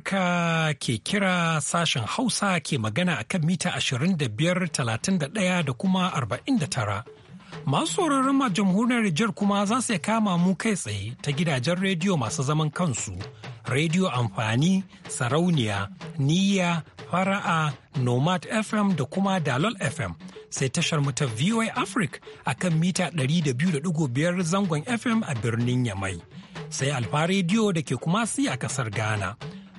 Amurka ke kira sashen Hausa ke magana a kan mita 25,31 da kuma 49. Masu sauraron ma jamhuriyar Nijar kuma za su kama mu kai tsaye ta gidajen rediyo masu zaman kansu, rediyo amfani, sarauniya, niyya, fara'a, nomad FM da kuma dalol FM. sai tashar mu ta VOA Africa a kan mita 200.5 zangon FM a birnin Yamai. Sai Alfa rediyo da ke kuma si a kasar Ghana.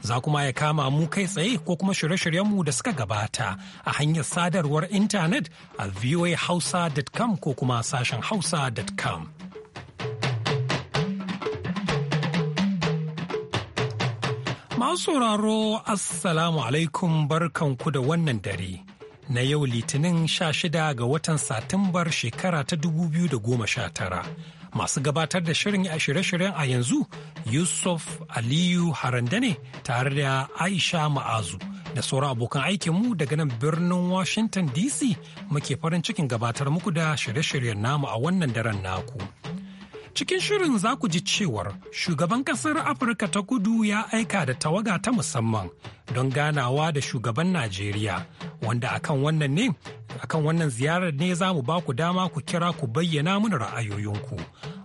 za kuma ya kama mu kai tsaye ko kuma shirye-shiryenmu da suka gabata a hanyar sadarwar intanet a voahausa.com ko kuma sashen hausa.com. Masu sauraro, Assalamu alaikum barkanku da wannan dare. na yau litinin 16 ga watan satumbar shekara ta 2019 masu gabatar da shirin a shirye-shiryen a yanzu yusuf aliyu harandane tare da aisha ma'azu da sauran abokan aikinmu daga nan birnin washington dc muke farin cikin gabatar muku da shirye-shiryen namu a wannan daren naku. Cikin shirin za ku ji cewar shugaban ƙasar Afirka ta kudu ya aika da tawaga ta musamman don ganawa da shugaban Najeriya wanda akan wannan ne akan wannan ziyarar ne za mu ba ku dama ku kira ku bayyana mana ra'ayoyinku.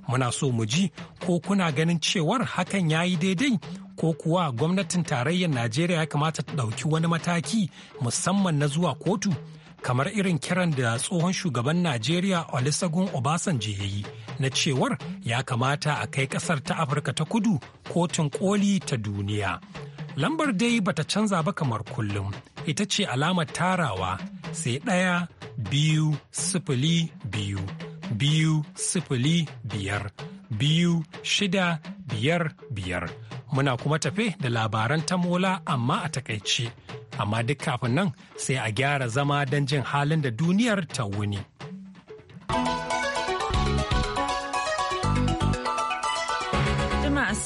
Muna so mu ji ko kuna ganin cewar hakan ya yi daidai ko kuwa gwamnatin tarayyar Najeriya ya kamata ta ɗauki wani mataki musamman na zuwa kotu. kamar irin kiran da tsohon shugaban Najeriya Olusegun Obasanjo ya yi na cewar ya kamata a kai kasar ta afirka ta kudu kotun koli ta duniya lambar dai bata canza ba kamar kullum ita ce alamar tarawa sai ɗaya biyu sifili biyu biyu sifili biyar biyu shida biyar biyar muna kuma tafe da labaran ta Mola amma a takaice amma duk kafin nan sai a gyara zama don jin halin da duniyar ta wuni.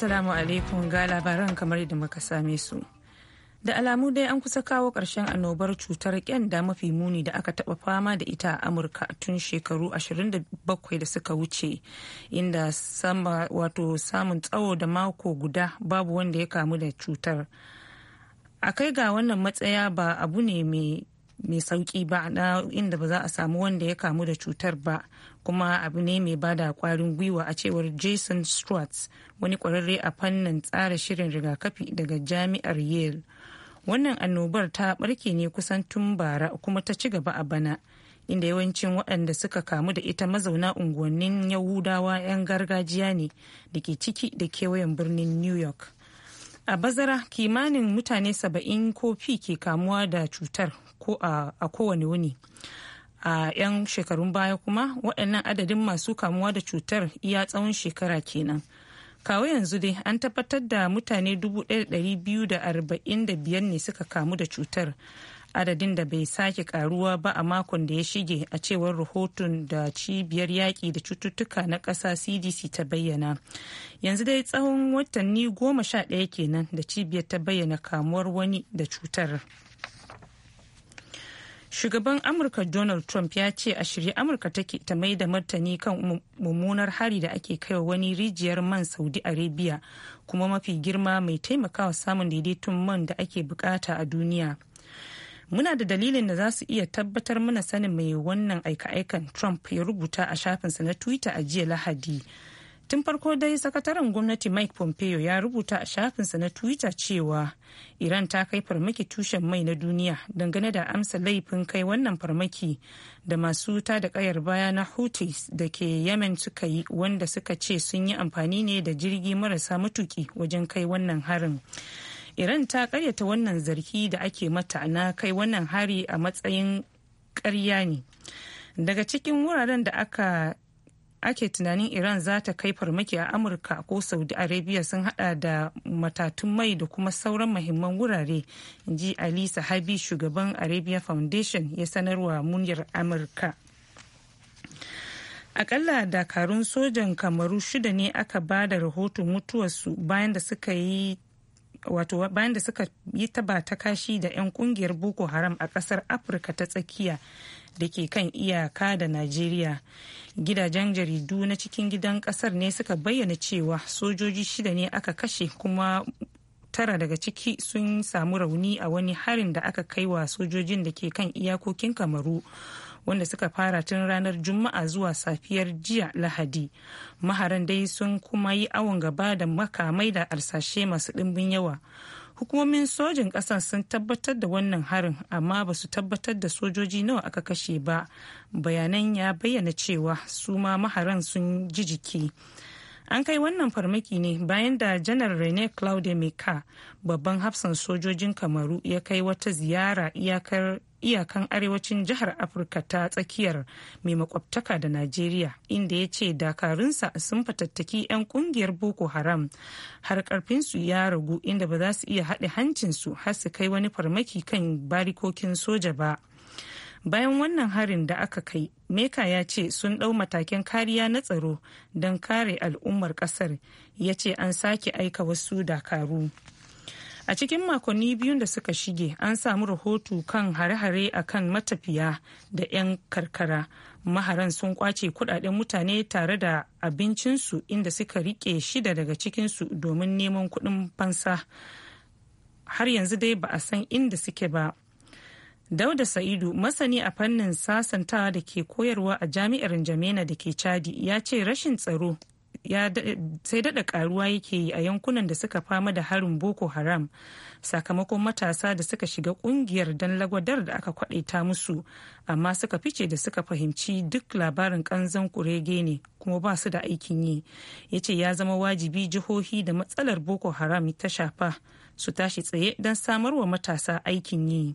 Assalamu alaikum ga labaran kamar yadda muka same su. Da alamu dai an kusa kawo ƙarshen annobar cutar kyanda mafi muni da aka taɓa fama da ita a Amurka tun shekaru 27 da suka wuce, inda sama wato samun tsawo da mako guda babu wanda ya kamu da cutar. A kai ga wannan matsaya ba abu ne mai mai sauki ba na inda ba za a samu wanda ya kamu da cutar ba kuma abu ne mai bada kwarin gwiwa a cewar jason stewart wani kwararre a fannin tsara shirin rigakafi daga jami'ar yale wannan annobar ta barke ne kusan tun bara kuma ta ci gaba a bana inda yawancin waɗanda suka kamu da ita mazauna unguwannin yahudawa 'yan gargajiya ne da ke ciki da kewayen birnin new york a bazara kimanin mutane saba'in kofi ke kamuwa da cutar ko a kowane wuni a 'yan shekarun baya kuma waɗannan adadin masu kamuwa da cutar iya tsawon shekara kenan kawo yanzu dai an tabbatar da mutane 1245 ne suka kamu da cutar adadin da bai sake karuwa ba a makon da ya shige a cewar rahoton da cibiyar yaƙi da cututtuka na ƙasa cdc ta bayyana yanzu dai tsawon watanni goma sha ɗaya kenan da cibiyar ta bayyana kamuwar wani da cutar shugaban amurka donald trump ya ce a shirye amurka take ta mai da martani kan mummunar hari da ake kaiwa wani rijiyar man saudi arabia kuma mafi girma mai taimakawa samun daidaiton man da ake bukata a duniya muna da dalilin da za su iya tabbatar mana sanin mai wannan aika-aikan trump ya rubuta a shafinsa na twitter a jiya lahadi tun farko dai sakataren gwamnati mike pompeo ya rubuta a shafinsa na twitter cewa iran ta kai farmaki tushen mai na duniya dangane da amsa laifin kai wannan farmaki da masu ta da kayar baya na houthis da ke yemen suka yi wanda suka ce sun yi amfani ne da jirgi marasa matuki wajen kai wannan harin iran ta karyata wannan zargi da ake mata na kai wannan hari a matsayin karya ne daga cikin wuraren da aka ake tunanin iran za ta kai farmaki a amurka ko saudi arabia sun hada da matatun mai da kuma sauran mahimman wurare ji ali sahabi shugaban arabia foundation ya sanarwa muniyar amurka akalla dakarun sojan kamaru shida ne aka ba da rahoton mutuwarsu bayan da suka yi wato bayan da suka yi taba ta kashi da 'yan kungiyar boko haram a kasar afirka ta tsakiya da ke kan iyaka da najeriya gidajen jaridu na cikin gidan kasar ne suka bayyana cewa sojoji shida ne aka kashe kuma tara daga ciki sun samu rauni a wani harin da aka kai wa sojojin da ke kan iyakokin kamaru wanda suka fara tun ranar juma'a zuwa safiyar jiya lahadi maharan dai sun kuma yi awon gaba da makamai da arsashe masu ɗimbin yawa hukumomin sojin ƙasar sun tabbatar da wannan harin amma ba su tabbatar da sojoji nawa aka kashe ba bayanan ya bayyana cewa su ma maharan sun ji jiki an kai wannan farmaki ne bayan da janar rene claude meka babban hafsan sojojin kamaru ya kai wata ziyara iyakar iyakan arewacin jihar afirka ta tsakiyar mai makwabtaka da najeriya inda ya ce dakarunsa sun fatattaki 'yan kungiyar boko haram har karfinsu ya ragu inda ba za su iya haɗe hancinsu har su kai wani farmaki kan barikokin soja ba bayan wannan harin da aka kai meka ya ce sun ɗau matakin kariya na tsaro don kare al'ummar ƙasar ya ce an sake aika wasu dakaru a cikin makonni biyun da suka shige an samu rahoto kan hare-hare a kan matafiya da 'yan karkara maharan sun kwace kudaden mutane tare da abincinsu inda suka rike shida daga cikinsu domin neman kudin fansa har yanzu dai ba a san inda suke ba Dauda Sa'idu masani a fannin sasantawa da ke koyarwa a jami'ar Jamena da ke Chadi ya ce rashin tsaro sai daɗe karuwa yake yi a yankunan da suka fama da harin Boko Haram sakamakon matasa da suka shiga kungiyar don lagwadar da aka kwadaita musu amma suka fice da suka fahimci duk labarin kanzan kurege ne kuma ba su da aikin yi ya ce ya zama wajibi jihohi da matsalar Boko Haram ta shafa su tashi tsaye don samarwa matasa aikin yi.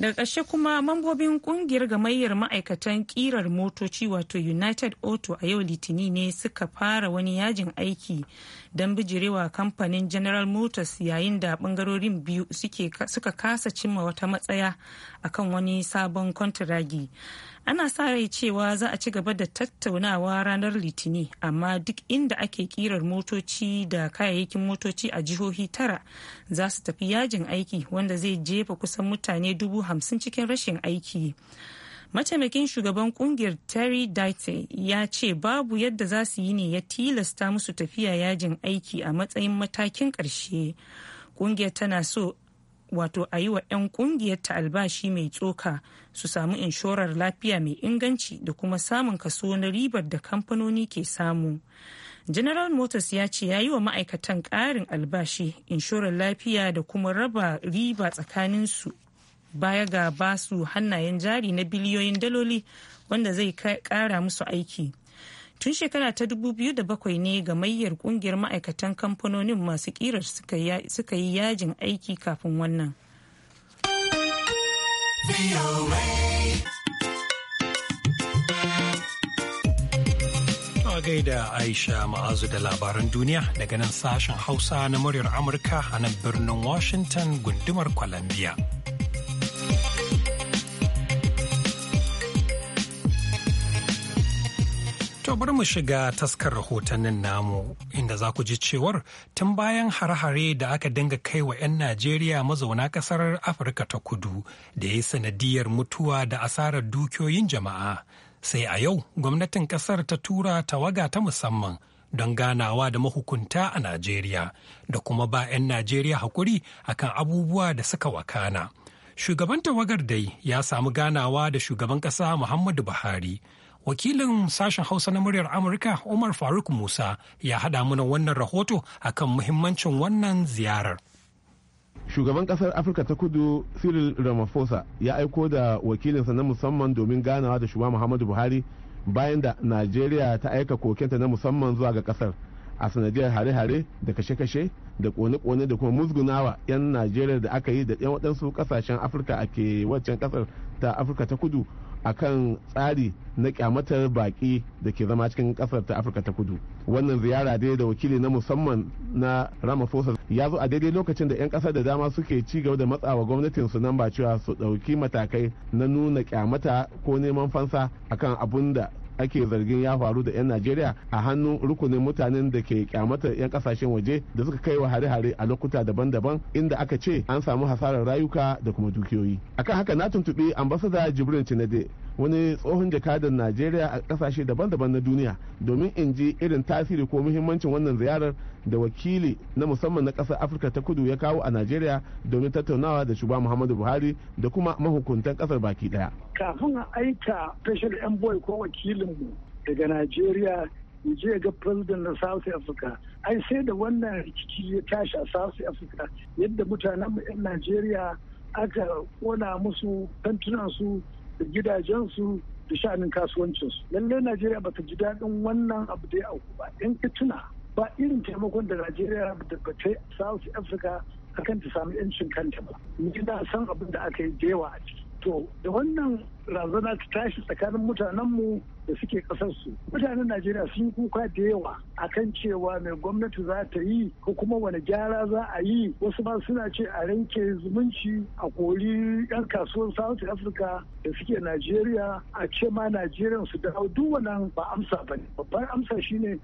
daga ƙarshe kuma mambobin kungiyar gamayyar ma'aikatan ƙirar motoci wato united auto a yau litini ne suka fara wani yajin aiki don bijirewa kamfanin general motors yayin da bangarorin biyu suka kasa cimma wata matsaya akan wani sabon kwantiragi ana sa rai cewa za a ci gaba da tattaunawa ranar litini amma duk inda ake kirar motoci da kayayyakin motoci a jihohi tara za su tafi yajin aiki wanda zai jefa kusan mutane dubu hamsin cikin rashin aiki mataimakin shugaban kungiyar terry dite ya ce babu yadda za su yi ne ya tilasta musu tafiya yajin aiki a matsayin matakin ƙarshe kungiyar tana so wato a yi wa 'yan kungiyar ta albashi mai tsoka su samu inshorar lafiya mai inganci da kuma samun kaso na ribar da kamfanoni ke samu general motors ya ce ya yi wa ma'aikatan ƙarin albashi inshorar lafiya da kuma raba riba tsakaninsu baya ga basu hannayen jari na biliyoyin daloli wanda zai ƙara musu aiki tun shekara ta dubu biyu da bakwai ne ga gamayyar kungiyar ma'aikatan kamfanonin masu kirar suka yi yajin aiki kafin wannan gaida Aisha Ma'azu da labaran duniya daga nan sashen Hausa na muryar Amurka a nan birnin Washington gundumar Columbia. To bar mu shiga taskar rahotannin namu inda za ku ji cewar tun bayan hare-hare da aka dinga kai wa 'yan Najeriya mazauna ƙasar Afirka ta kudu da ya yi sanadiyar mutuwa da asarar dukiyoyin jama'a. Sai a yau gwamnatin ƙasar ta tura tawaga ta musamman don ganawa da mahukunta a Najeriya da kuma ba 'yan Najeriya hakuri akan abubuwa da suka wakana. Shugaban tawagar dai ya samu ganawa da shugaban ƙasa Muhammadu Buhari. wakilin sashen hausa na muryar amurka umar faruk musa ya hada mana wannan rahoto akan muhimmancin wannan ziyarar shugaban kasar afirka ta kudu cyril ramaphosa ya aiko da wakilinsa na musamman domin ganawa da shugaba muhammadu buhari bayan da najeriya ta aika kokenta na musamman zuwa ga kasar a sanadiyar hare-hare da kashe-kashe da kone-kone da kuma musgunawa 'yan najeriya da aka yi da 'yan waɗansu kasashen afirka a ke waccan kasar ta afirka ta kudu akan tsari na kyamatar baki da ke zama cikin kasar ta afirka ta kudu wannan ziyara dai da wakili na musamman na ramaphosa ya zo a daidai lokacin da 'yan kasar da dama suke ci gaba da matsawa gwamnatin su nan ba cewa su ɗauki matakai na nuna kyamata ko neman fansa akan abun da ake zargin ya faru da 'yan najeriya a hannun rukunin mutanen da ke kyamata 'yan kasashen waje da suka kai wa hare-hare a lokuta daban-daban inda aka ce an samu hasarar rayuka da kuma dukiyoyi akan haka na tuntuɓi ambasada jibrin cinade wani tsohon jakadan najeriya a kasashe daban-daban na duniya domin in ji irin tasiri ko muhimmancin wannan ziyarar da wakili na musamman na ƙasar afirka ta kudu ya kawo a najeriya domin tattaunawa da shugaba muhammadu buhari da kuma mahukuntan ƙasar baki ɗaya kafin a aika tashar yan boy ko wakilinmu daga najeriya je ga president na south africa ai sai da wannan rikici ya tashi a south africa yadda mutanen yan najeriya aka kona musu kantunansu da gidajensu da sha'anin kasuwancinsu lallai najeriya ta ji daɗin wannan abu da ya auku ba in ka ba irin taimakon da najeriya da bace south africa akan ta samu yancin kanta ba ni da san abin da aka yi da a ciki to da wannan razana ta tashi tsakanin mutanenmu da suke kasarsu mutanen najeriya sun kuka da yawa a kan cewa mai gwamnati za ta yi ko kuma wani gyara za a yi wasu ma suna ce a ranke zumunci a kori yan kasuwar south africa da suke najeriya a ce ma najeriya su dawo duk wannan ba amsa ba ne babbar amsa shine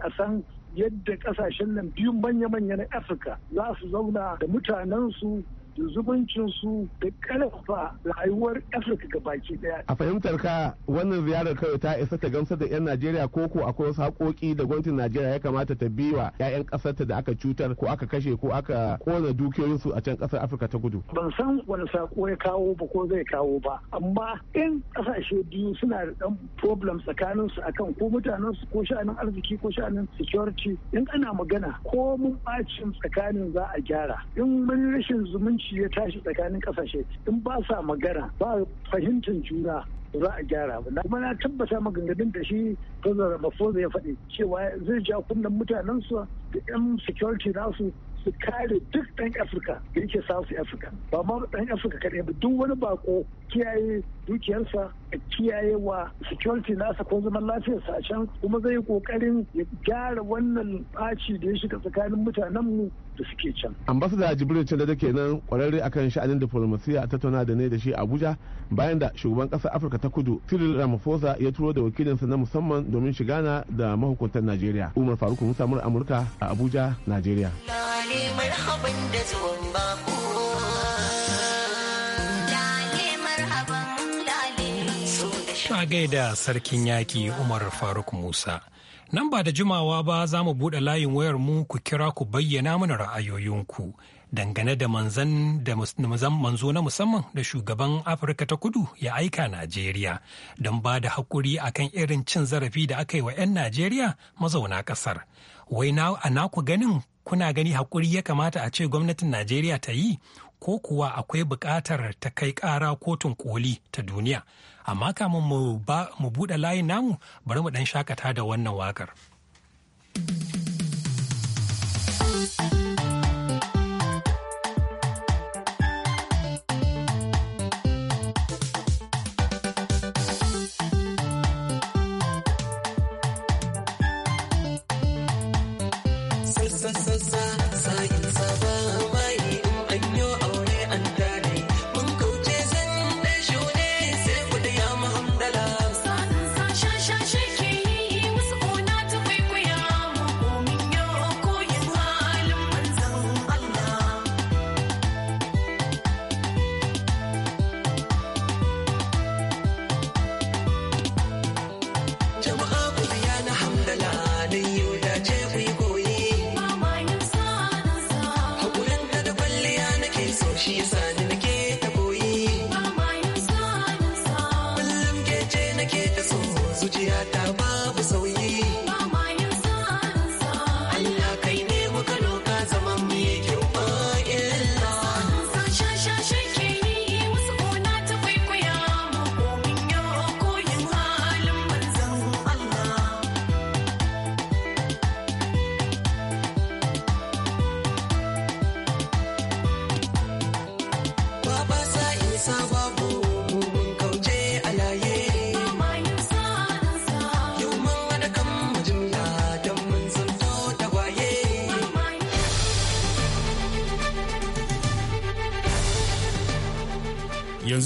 a san yadda kasashen nan biyun manya-manya na afirka za su zauna da mutanensu da su da karfafa rayuwar afirka ga baki daya a fahimtar ka wannan ziyarar kawai ta isa ta gamsa da 'yan najeriya ko ko akwai wasu haƙoƙi da gwamnatin najeriya ya kamata ta biwa 'ya'yan ƙasarta da aka cutar ko aka kashe ko aka kona dukiyoyinsu a can kasar afirka ta gudu. ban san wani sako ya kawo ba ko zai kawo ba amma in ƙasashe biyu suna da ɗan problem tsakaninsu akan ko mutanensu ko sha'anin arziki ko sha'anin security in ana magana ko mun bacin tsakanin za a gyara in mun rashin zumunci shi ya tashi tsakanin kasashe in ba sa magana ba fahimtar juna ba za a gyara ba kuma na tabbata maganganun da shi tazara mafoza ya faɗi cewa zai ja kunnen mutanen su da yan security nasu su kare duk ɗan afirka da yake south africa ba ma ɗan afirka kaɗai ba duk wani bako kiyaye dukiyarsa kiyaye wa security nasa ko zaman lafiyarsa a can kuma zai yi kokarin ya gyara wannan ɓaci da ya shiga tsakanin mutanenmu da suke can. ambasada jibril ce da ke nan kwararre akan sha'anin diplomasiya a tattauna da ne da shi abuja bayan da shugaban ƙasar afirka ta kudu cyril ramaphosa ya turo da wakilinsa na musamman domin shiga na da mahukuntan najeriya umar faruk musa amurka a abuja najeriya. Lale marhaban da zuwan bako. a gaida sarkin yaƙi Umar Faruk Musa. Nan ba da jimawa ba za mu buɗe layin wayar mu ku kira ku bayyana mana ra'ayoyinku dangane da manzan da manzo na musamman da shugaban Afirka ta kudu ya aika Najeriya don ba da haƙuri akan irin cin zarafi da aka yi wa 'yan Najeriya mazauna ƙasar. Wai na ku ganin kuna gani haƙuri ya kamata a ce gwamnatin Najeriya ta yi ko kuwa akwai buƙatar ta kai ƙara kotun koli ta duniya amma kamun mu buɗe layin namu bari mu ɗan shakata da wannan waƙar.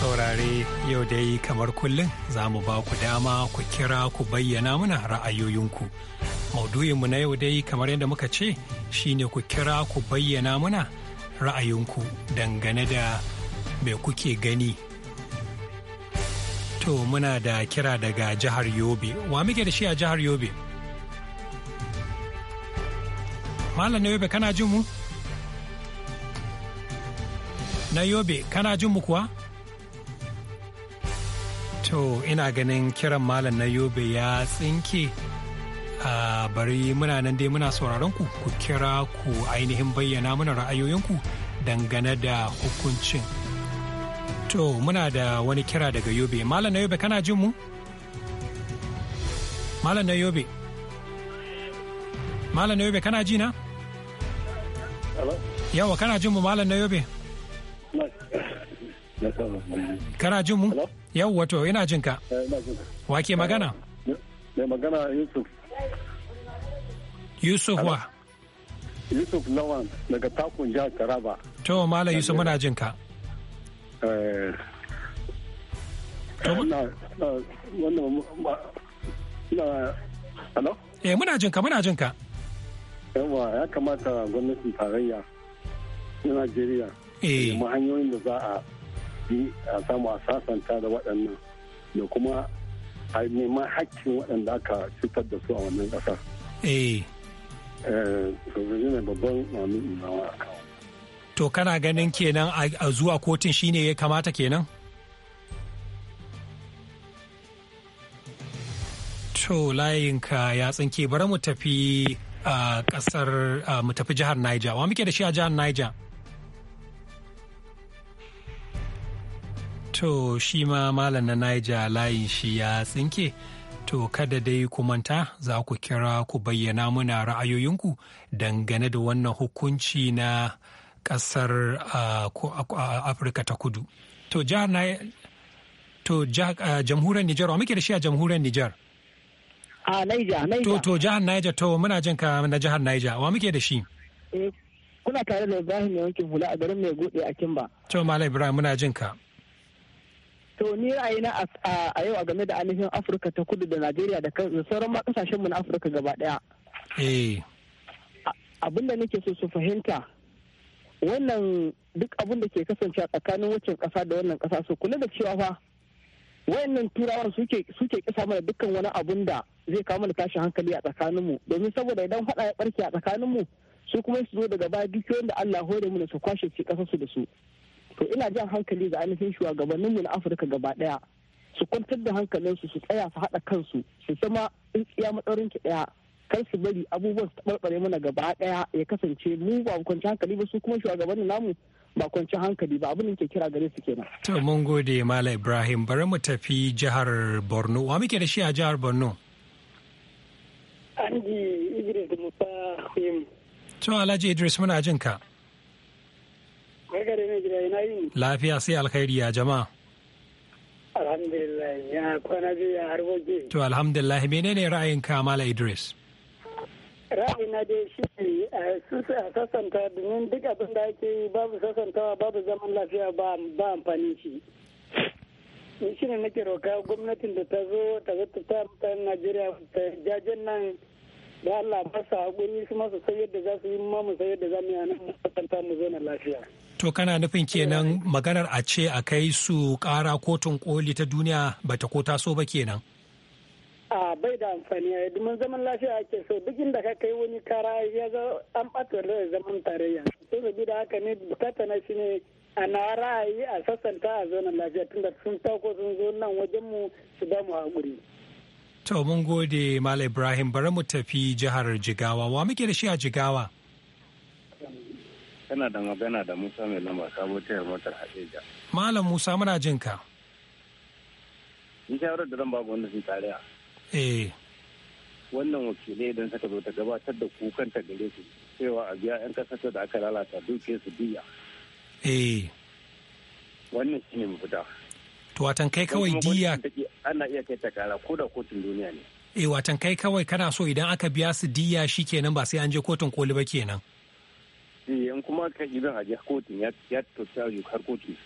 saurare yau dai kamar kullum za mu ba ku dama ku kira ku bayyana muna ra'ayoyinku. Maudu'inmu na yau dai kamar yadda muka ce shine ku kira ku bayyana muna ra'ayinku dangane da me kuke gani. To muna da kira daga jihar Yobe. Wa muke da shi a jihar Yobe? Malam Yobe kana jin mu? Na Yobe kana jin mu kuwa? To ina ganin kiran malam na yobe ya tsinke a bari muna nan dai muna sauraron ku ku kira ku ainihin bayyana mana ra'ayoyinku dangane da hukuncin. To muna da wani kira daga yobe. Malam na yobe kana jin mu? Malam na yobe. Malam na yobe kana ji na? Yawa kana jin mu malam na yobe? Kana jin mu? Yau wato eh, ina jin ka. Wa ke magana? Mai magana Yusuf. Yusuf wa? Yusuf Lawan daga takun jihar Taraba. To mala Yusuf muna jin ka. Eh. eh muna jin ka muna jin ka. Yawa ya kamata gwamnatin tarayya na Najeriya. Eh. hanyoyin da za a bi a samu a sasanta da waɗannan da kuma a neman hakkin waɗanda aka fitar da su a wannan ƙasar. Eh. eh babban To kana ganin kenan a zuwa kotun shine ya kamata kenan? To layinka ya tsinke bari mu tafi a ah, kasar ah, mu tafi jihar Niger. Wa muke da shi a jihar Niger? to shi ma malam na naija layin shi ya tsinke to kada dai ku manta za ku kira ku bayyana muna ra'ayoyinku dangane da wannan hukunci na kasar afirka ta kudu to jihar na to jamhuriyar nijar wa muke da shi a jamhuriyar nijar a naija to to jihar naija to muna jin ka na jihar naija wa muke da shi eh, kuna tare da ibrahim yankin hula a garin mai gode a kimba to malam ibrahim muna jin ka to ni ra'ayina a yau a game da ainihin afirka ta kudu da najeriya da sauran ma kasashenmu na afirka gaba daya eh. abin da nake so su fahimta wannan duk abin da ke kasance a tsakanin waccan kasa da wannan kasa su kula da cewa fa wayannan turawan suke suke kisa mana dukkan wani abun da zai kawo mana tashin hankali a tsakanin mu domin saboda idan faɗa ya barke a tsakanin mu su kuma su zo daga baya dukiyoyin da Allah hore mu da su kwashe su kasa su da su to ina jan hankali ga ainihin mu na afirka gaba daya su kwantar da hankalinsu su tsaya su haɗa kansu su zama tsaya matsaurin ki ɗaya kar su bari abubuwan su taɓarɓare mana gaba daya ya kasance mu ba kwanci hankali ba su kuma shugabannin namu ba kwanci hankali ba abin da ke kira gare su kenan. to mun gode malam ibrahim bari mu tafi jihar borno wa muke da shi a jihar borno. anji idris musa to alhaji idris muna jin ka. Barka da mai gida ina yi. Lafiya sai alkhairi ya jama'a. Alhamdulillah ya kwana biyu ya harboge. To alhamdulillah menene ra'ayin ka Mala Idris? Ra'ayina dai shi ne a sassanta domin duk abin da ake yi babu sassantawa babu zaman lafiya ba amfani shi. Ni shi ne nake roka gwamnatin da ta zo ta zo ta mutanen Najeriya ta jajen nan da Allah ba su haƙuri su masu san yadda za su yi ma mu san yadda za mu yi nan makanta mu zo na lafiya. To kana nufin kenan maganar a ce a kai su ƙara kotun koli ta duniya ba ta ko taso ba kenan. A bai da amfani a mun zaman lafiya ake so duk inda ka kai wani kara ya zo an ɓata da zaman tarayya. Sai da haka ne bukata na shi ne a na ra'ayi a sassanta a zonar lafiya tunda sun tako sun zo nan wajen mu su ba mu haƙuri. To mun gode Malam Ibrahim bari mu tafi jihar Jigawa. Wa muke da shi a Jigawa? Kana da magana da Musa mai lamba sabo tayar motar Hadeja. Malam Musa muna jin ka. Ni shawarar da zan babu wanda sun tare Eh. Wannan wakilai idan suka zo ta gabatar da kukan ta gare su cewa a biya 'yan kasar da aka lalata duke su biya. Eh. Wannan shi ne mafita. to watan kai kawai diya ana iya kai ta kara ko da kotun duniya ne eh watan kai kawai kana so idan aka biya su diya shi kenan ba sai an je kotun koli ba kenan eh in kuma ka idan a je kotun ya ya to har kotun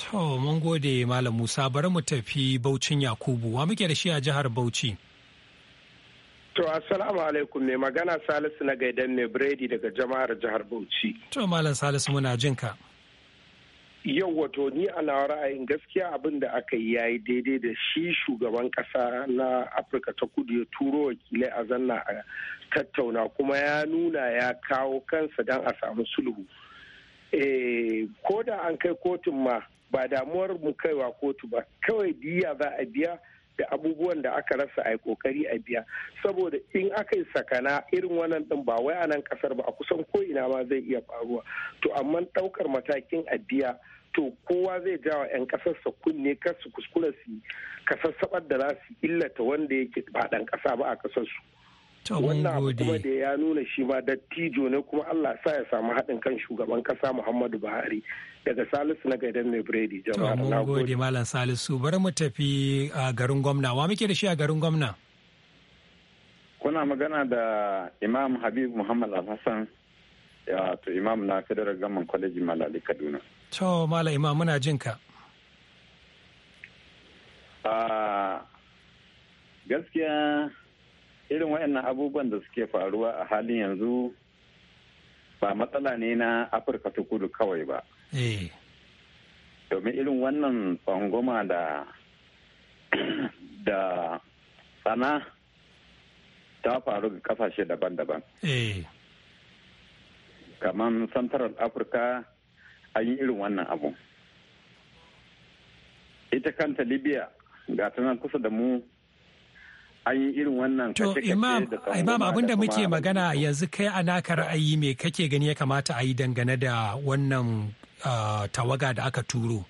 to mun gode malam Musa bari mu tafi Baucin Yakubu wa muke da shi a jihar Bauchi To assalamu alaikum ne magana Salisu na gaidan ne Brady daga jama'ar jihar Bauchi. To malam Salisu muna jinka. ka. yau wato ni ana ra'ayin gaskiya abin da aka yi yayi daidai da shi shugaban kasa na afirka ta kudu ya turo wakilai a zanna a tattauna kuma ya nuna ya kawo kansa don a samu sulhu eh, ko da an kai kotun ma ba damuwar mu kaiwa kotu ba kawai diya za a biya da abubuwan da aka rasa a yi kokari a biya saboda in aka yi sakana irin wannan din ba wai a nan kasar ba a kusan ko ina ma zai iya faruwa to amma daukar matakin a biya to kowa zai ja wa 'yan kasarsa kunne kar su kuskura su kasassabar da za su illata wanda yake ba kasa kasa ba a kasar su wannan kuma da ya nuna shi ma dattijo ne kuma Allah sa ya samu haɗin kan shugaban kasa Muhammadu Buhari daga Salisu na gaidan mai biredi jama'a na gode malam Salisu bari mu tafi a garin gwamna wa muke da shi a garin gwamna kuna magana da Imam Habib Muhammad Al-Hassan to imam na federal gaman kwaleji malali kaduna to mala imam muna jin ka ah, gaskiya irin waɗannan abubuwan da suke faruwa a halin yanzu ba matsala ne na afirka ta kudu kawai ba eh. domin irin wannan tsangoma da da tsana ta faru ga kasashe daban-daban eh. kamar central afirka an yi irin wannan abu ita kanta libya ga ta kusa da mu an yi irin wannan to imam abinda muke magana yanzu kai a naka ra'ayi me kake gani ya kamata a yi dangane da wannan tawaga da aka turo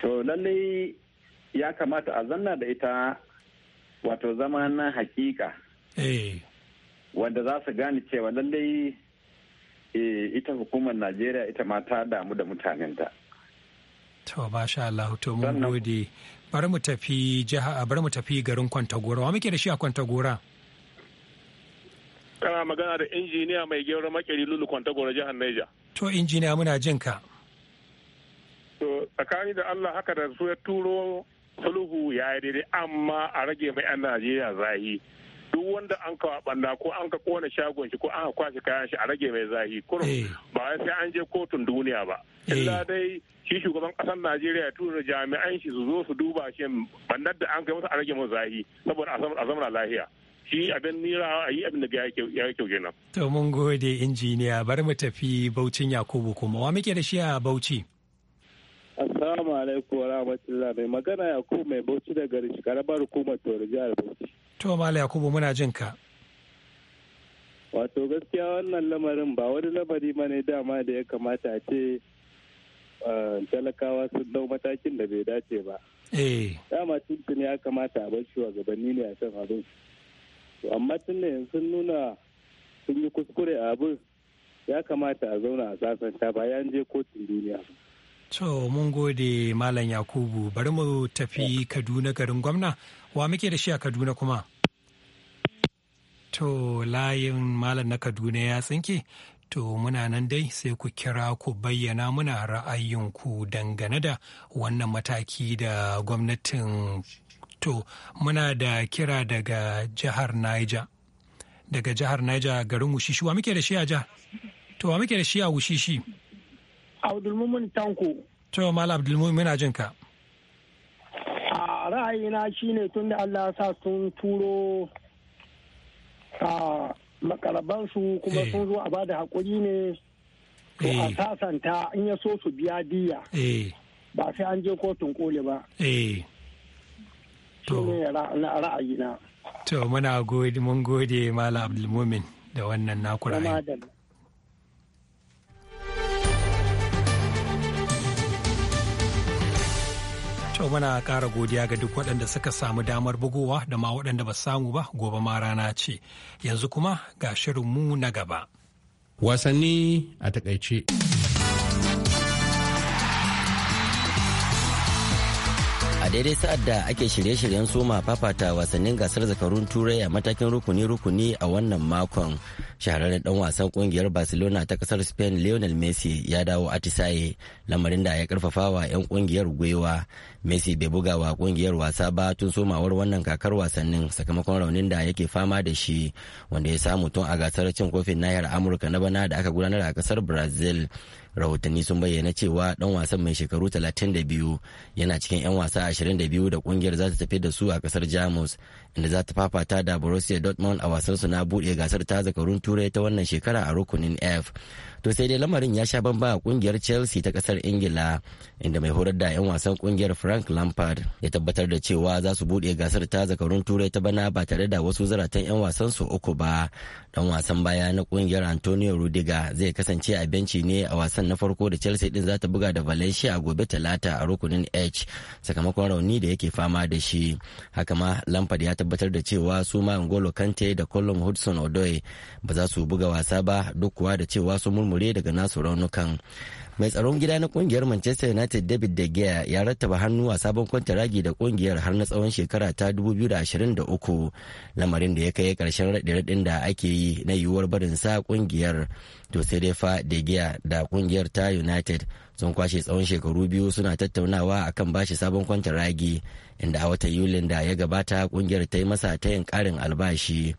to lallai ya kamata a zanna da ita wato zama na hakika eh wanda za su gane cewa lallai eh, ita hukumar najeriya ita ma ta damu da mutanenta to sha Allah to mun gode bari mu tafi jiha bari mu tafi garin Kwantagora wa muke da shi a Kwantagora kana magana da injiniya mai gero makeri lulu Kwantagora jihar Niger to injiniya muna jin ka to tsakani da Allah haka da su ya turo sulhu ya yi daidai amma a rage mai 'yan Najeriya zahi duk wanda an kawo banda ko an ka kona shagon shi ko an kwashe kayan shi a rage mai zahi kurum eh. ba sai an je kotun duniya ba eh. illa dai shi shugaban kasar Najeriya tura jami'an shi su zo su duba shi bandar da an kai masa a rage mai zahi saboda a zamana lahiya shi abin nira a yi abin da ya kyau kenan. To mun gode injiniya bari mu tafi Baucin Yakubu kuma wa muke da shi a Bauchi. Assalamu alaikum wa rahmatullah mai magana Yakubu mai Bauchi daga karamar hukumar Tori jihar Bauchi. to mala yakubu muna jin ka wato gaskiya wannan lamarin ba wani lamari ma dama da ya kamata a ce talakawa sun dau matakin da bai dace ba eh. dama tuntun ya kamata a bar shugabanni ne a kan abin amma tun da yanzu nuna sun yi kuskure a abin ya kamata a zauna a sasanta bayan je kotun duniya to mun gode malam yakubu bari mu tafi kaduna garin gwamna wa muke da shi a kaduna kuma to layin malam na kaduna ya tsinke to muna nan dai sai ku kira ku bayyana muna ra'ayinku dangane da wannan mataki da gwamnatin to muna da kira daga jihar niger daga jihar niger garin wushishi wa muke da shi a jihar to wa muke da shi a wushishi abdulmumin tanko to malam abdulmumin muna jin ka a ra'ayina shine tun da Allah sa sun turo a makarabansu kuma eh. sun zo a bada haƙuri ne a eh. sasanta in ya so su biya diya eh. ba sai an je kotun koli ba to ra'ayina to muna gode mun gode malam abdulmumin da wannan nakura To mana ƙara godiya ga duk waɗanda suka samu damar bugowa da ma waɗanda ba samu ba gobe ma rana ce. Yanzu kuma ga shirinmu na gaba. Wasanni a takaice. a daidai sa'ad da ake shirye-shiryen soma fafata wasannin gasar zakarun turai a matakin rukuni-rukuni a wannan makon shahararren dan wasan kungiyar barcelona ta kasar spain lionel messi ya dawo atisaye lamarin da ya karfafa wa 'yan kungiyar gwiwa messi bai buga wa kungiyar wasa ba tun somawar wannan kakar wasannin sakamakon raunin da yake fama da shi wanda ya samu tun a gasar cin kofin nahiyar amurka na bana da aka gudanar a kasar brazil rahotanni sun bayyana cewa dan wasan mai shekaru 32 yana cikin 'yan wasa 22 da kungiyar za ta tafi da su a kasar jamus inda za ta fafata da borussia dortmund a wasan su na buɗe gasar ta zakarun turai ta wannan shekara a rukunin f to sai dai lamarin ya sha bamba a kungiyar chelsea ta kasar ingila inda mai horar da 'yan wasan kungiyar frank lampard ya tabbatar da cewa za su buɗe gasar ta zakarun turai ta bana ba tare da wasu zaratan 'yan wasan su uku ba dan wasan baya na kungiyar antonio rudiga zai kasance a benci ne a wasan na farko da chelsea din za ta buga da valencia a gobe talata a rukunin h sakamakon rauni da yake fama da shi haka ma lampard ya tabbatar da cewa su ma Angolo kante da colum hudson odoi ba za su buga wasa ba duk kuwa da cewa su murmur murmure daga nasu raunukan mai tsaron gida na kungiyar manchester united david de gea ya rattaba hannu a sabon kwantaragi da kungiyar har na tsawon shekara ta 2023 lamarin da ya kai karshen raɗe-raɗin da ake yi na yiwuwar barin sa kungiyar to sai fa de gea da kungiyar ta united sun kwashe tsawon shekaru biyu suna tattaunawa a kan bashi sabon kwantaragi inda a watan yulin da ya gabata kungiyar ta yi masa ta yin karin albashi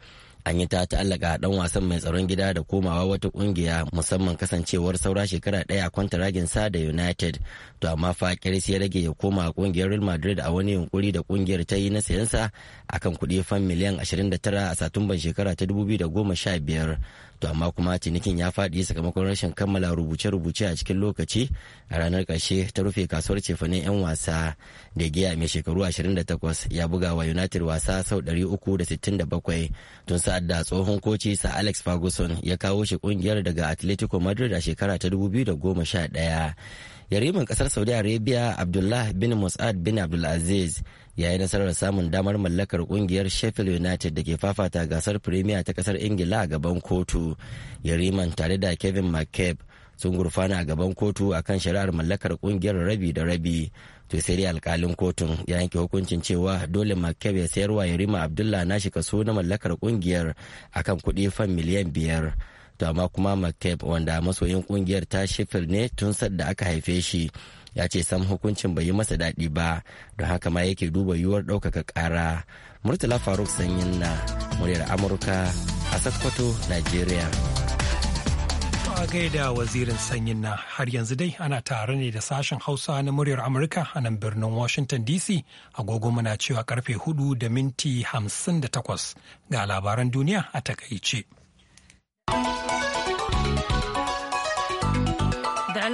an yi ta ta'allaka dan wasan mai tsaron gida da komawa wata kungiya musamman kasancewar saura shekara daya ragin sa da united to amma fa ya rage ya koma kungiyar Real Madrid a wani yunkuri da kungiyar ta yi na sayansa akan kuɗi fan miliyan 29 a Satumban shekara ta 2015 to amma kuma cinikin ya faɗi sakamakon rashin kammala rubuce-rubuce a cikin lokaci a ranar ƙarshe ta rufe kasuwar cefanen 'yan wasa da giya mai shekaru 28 ya buga wa United wasa sau 367 tun sa'ad da tsohon koci sa Alex Ferguson ya kawo shi kungiyar daga Atletico Madrid a shekara ta 2011 yariman kasar saudi arabia abdullah bin mus'ad bin abdulaziz ya yi nasarar samun damar mallakar kungiyar sheffield united da ke fafata gasar premier ta kasar ingila a gaban kotu yariman tare da kevin mccabe sun gurfana a gaban kotu akan shari'ar mallakar kungiyar rabi da rabi to sai dai alkalin kotun ya yanke hukuncin cewa dole mccabe ya sayarwa yarima abdullah nashi kaso na mallakar kungiyar akan kuɗi fan miliyan biyar to amma kuma mccabe wanda masoyin kungiyar ta shifir ne tun sadda aka haife shi ya ce sam hukuncin bai yi masa daɗi ba don haka ma yake duba yiwuwar ɗaukaka ƙara murtala faruk sanyin na muryar amurka a sakkwato nigeria a gaida wazirin sanyin na har yanzu dai ana tare ne da sashen hausa na muryar amurka a nan birnin washington dc agogo muna cewa karfe 4 da minti 58 ga labaran duniya a takaice.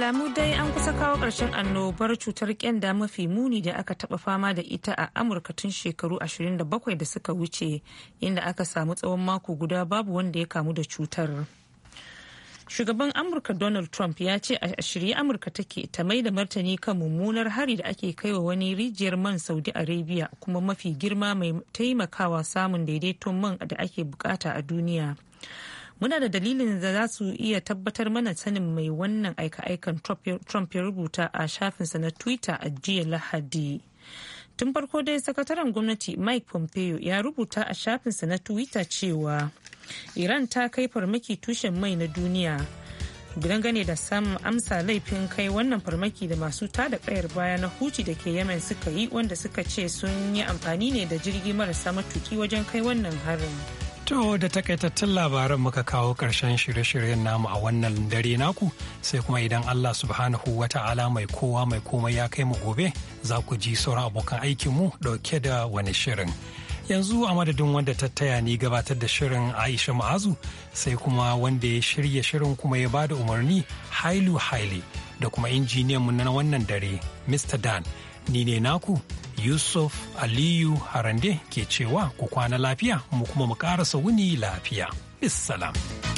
alamu dai an kusa kawo ƙarshen annobar cutar kyanda mafi muni da aka taɓa fama da ita a amurka tun shekaru 27 da suka wuce inda aka samu tsawon mako guda babu wanda ya kamu da cutar shugaban amurka donald trump ya ce a shirye amurka take ta mai da martani kan mummunar hari da ake kai wa wani rijiyar man saudi arabia kuma mafi girma mai taimakawa samun daidaiton man da ake bukata a duniya muna da dalilin da za su iya tabbatar mana sanin mai wannan aika-aikan trump ya rubuta a shafinsa na twitter a jiya lahadi tun farko dai sakataren gwamnati mike pompeo ya rubuta a shafinsa na twitter cewa iran ta kai farmaki tushen mai na duniya gidan gane da samun amsa laifin kai wannan farmaki da masu tada kayar baya na huci da ke yemen suka yi wanda suka ce sun yi amfani ne da jirgi marasa matuki wajen kai wannan harin. To da takaitattun labaran muka kawo ƙarshen shirye-shiryen namu a wannan dare naku sai kuma idan Allah subhanahu wa ta'ala mai kowa mai komai ya kai mu gobe za ku ji sauran abokan aikinmu ɗauke da wani shirin. Yanzu a madadin wanda ta taya ni gabatar da shirin Aisha Ma'azu sai kuma wanda ya shirya shirin kuma ya bada umarni Hailu Haile da kuma injiniyan mu na wannan dare Mr. Dan. ni ne naku yusuf aliyu harande ke cewa ku kwana lafiya mu kuma mu ƙarasa wuni lafiya bisalam. salam